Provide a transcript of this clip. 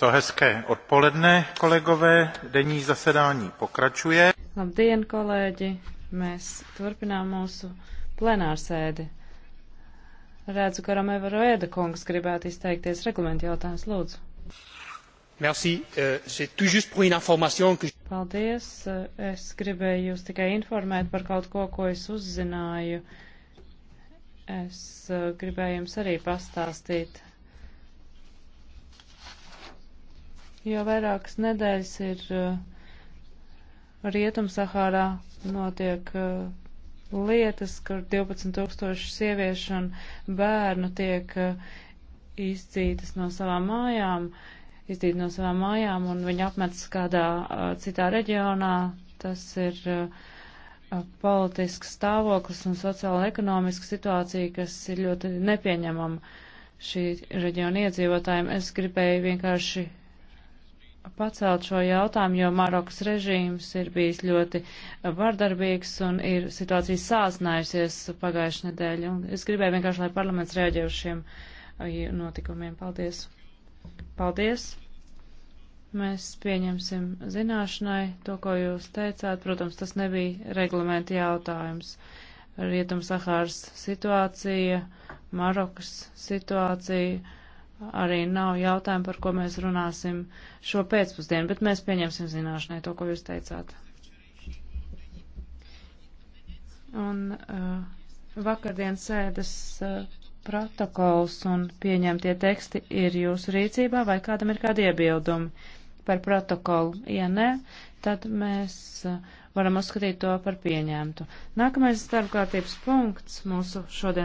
So hezké odpoledne, kolegové. Denní zasedání pokračuje. Labdien, kolēģi. Mēs turpinām mūsu plenārsēdi. Redzu, ka Romeva Roeda kungs gribētu izteikties reglamentu jautājums. Lūdzu. Merci. Euh, c'est tout juste pour une information que... Paldies. Euh, es gribēju jūs tikai informēt par kaut ko, ko es uzzināju. Es euh, gribēju jums arī pastāstīt Jau vairākas nedēļas ir eh, Rietumsahārā notiek eh, lietas, kur 12 tūkstoši sieviešu un bērnu tiek eh, izcītas no savām mājām, izdīt no savām mājām un viņi apmetas kādā citā reģionā. Tas ir politisks stāvoklis un sociāla ekonomiska situācija, kas ir ļoti nepieņemama šī reģiona iedzīvotājiem. Es gribēju vienkārši pacelt šo jautājumu, jo Marokas režīms ir bijis ļoti vardarbīgs un ir situācija sāsnājusies pagājušajā nedēļā. Es gribēju vienkārši, lai parlaments reaģē uz šiem uh, notikumiem. Paldies! Paldies! Mēs pieņemsim zināšanai to, ko jūs teicāt. Protams, tas nebija reglamenta jautājums. Rietum Sahāras situācija, Marokas situācija arī nav jautājumi, par ko mēs runāsim šo pēcpusdienu, bet mēs pieņemsim zināšanai to, ko jūs teicāt. Un uh, vakardienas sēdes uh, protokols un pieņemtie teksti ir jūsu rīcībā, vai kādam ir kādi iebildumi par protokolu? Ja nē, tad mēs uh, varam uzskatīt to par pieņemtu. Nākamais starpkārtības punkts mūsu šodien.